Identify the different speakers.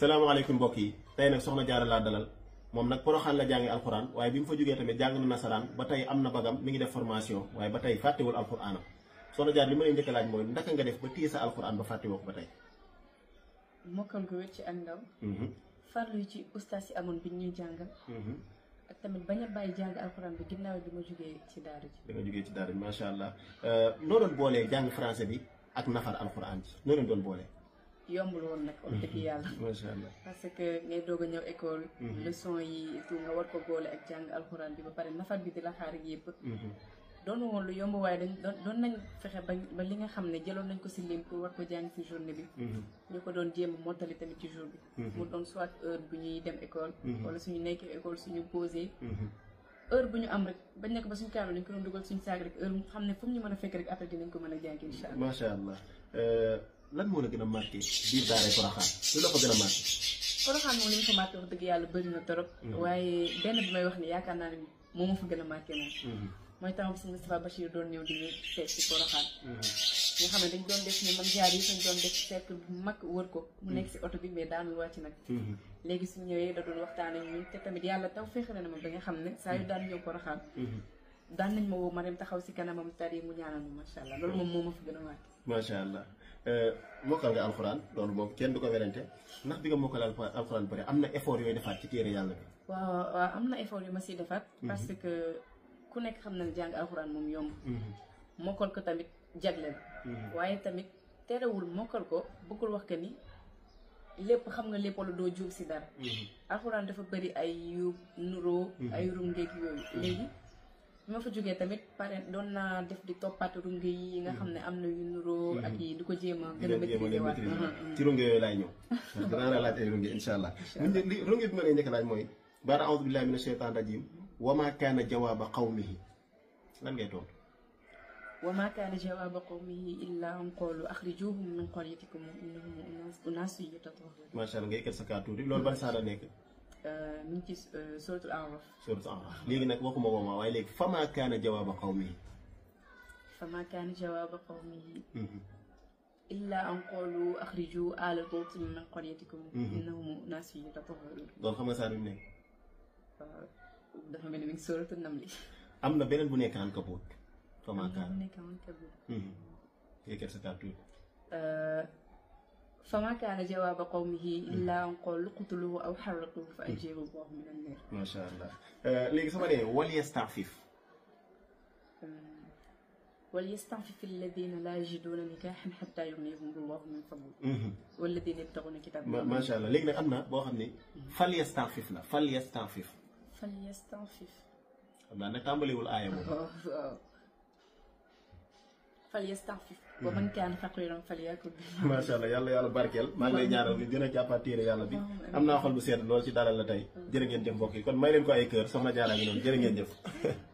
Speaker 1: Assalamualaikum mbokk yi tay nak soxna jaara la dalal mom nak poroxaan la jàngi alquran waye bimu fa jógee tamé jang na nasaran ba tay amna bagam mi ngi def formation waye ba tey fàttewul alquran soxna jaar li ma laaj moy ndaka nga def ba tiisa sa ba fàttewoo wok ba tay
Speaker 2: mokkal ko wér ci ak ndaw mhm. farlu ci ustaas ci amoon bi jangal hmm ak tamit bañ a bàyyi alquran bi ginnaw bi ma jógee ci daara ji
Speaker 1: da nga ci daara ma sha allah euh, noo doon bolé jang français bi ak nafar alquran ji noo doon
Speaker 2: yombul loolu nag mhm.
Speaker 1: yàlla
Speaker 2: parce que ngay doog a ñëw école mhm. leçon yi tout nga war ko boole ak jàng alxuraan bi ba pare nafar bi di la xaar yëpp mhm. doon woon lu yomb waaye dañ doon nañ fexe ba li nga xam ne jëloon nañ ko si lim pour war ko jàng si journée bi ñu ko doon jéem mottali tamit ci jour bi mu doon soit heure bu ñuy dem école wala suñu nekkee école suñu posé heure bu ñu am rek bañ nekk ba suñu kaamil dañ ko doon dugal suñu saag rek heure mu xam ne foo ñu mën a fekk rek après dinañ ko mën a jàng incha
Speaker 1: allah lan moo la gën a marqué biir daaray Porokhane lu la ko gën a marqué.
Speaker 2: Porokhane moom li ma fa marqué wax dëgg yàlla bëri na trop. Mhm. waaye benn bi may wax ni yaakaar naa ne moom moo fa gën a marqué mhm. mooy taxam si Moustapha Bachir doon ñëw di ñëw seet si Porokhane. Mhm. nga xam ne dañ doon def ni man jaar yi dañ doon def cercle bu mag wër ko. mu nekk si oto bi mais daanul wàcc nag. léegi su ñëwee da doon waxtaan ak ñun te tamit yàlla taw féexale na ma ba nga xam ne saa yu daan ñëw Porokhane. daan nañ ma woo ma dem taxaw si kanamam tari mu ñaanal ma macha allah loolu moom moo ma fi gën a waat.
Speaker 1: macha allah euh, mokkal nga alxuraan loolu moom kenn du ko werante ndax bi nga mokkal alxuraan bëri am na effort yooyu defaat ci téere yàlla bi.
Speaker 2: waaw waaw am na effort yu ma siy defaat. Mhm. parce que ku nekk xam na ne jàng alxuraan moom yomb. Mhm. mokkal ko tamit jagleel. Mhm. waaye tamit terewul mokkal ko bëggul wax que ni. lépp xam nga lépp wala doo jóg si dara. alxuraan dafa bëri ay yu nuroo. bi fa jógee tamit pare doon naa def di toppaat runge yi nga xam ne am na yu nuroo ak yi di ko jéem a gën a maîtriser mm-hmm, mm-hmm. ci
Speaker 1: runge yooyu laay ñëw danaa la laaj ay runge insha allah li runge bi ma lay njëkk laaj mooy baada audu billahi mina sheytan rajim wama kaana jawaaba qawmihi lan ngay tontu
Speaker 2: وما كان جواب قومه الا ان قالوا اخرجوهم من قريتكم انهم اناس يتطهرون
Speaker 1: ما شاء allah ngay kër sa kaatu rek lool ban sa la nekk
Speaker 2: آه، نمتي آه، سورة الأعراف سورة
Speaker 1: الأعراف ليه نك وقم وما وعليك فما كان جواب قومه
Speaker 2: فما كان جواب قومه إلا أن قالوا أخرجوا آل لوط من قريتكم إنهم ناس يتطهرون
Speaker 1: دول خمسة سنين
Speaker 2: ف... دفعنا من سورة النملة
Speaker 1: أمنا بين البنية كان كبوت فما كان
Speaker 2: البنية كان كبوت
Speaker 1: هي كيف ستعطيك
Speaker 2: فما كان جواب قومه إلا أن قالوا قتلوه أو حرقوه فاجيب الله من النار
Speaker 1: ما شاء الله آه، ليك سمعني وليستعفف
Speaker 2: آه، وليستعفف الذين لا يجدون نكاحا حتى يغنيهم الله من فضله والذين يبتغون كتاب الله ما شاء
Speaker 1: الله ليك نك أمنا بو خني فليستعففنا فليستعفف
Speaker 2: فليستعفف fal yastaghfir wa man mhm. kaana faqiiran falyakul bimaa
Speaker 1: macha allah yàlla yàlla barkeel maa ngi lay ñaanal ni gën a jàppaat téere yàlla bi am naa xol bu sedd lool ci dalal la tey jërë ngeen jëf mbokk yi kon may leen ko ay kër soxna Diarra ngi noonu jërë ngeen jëf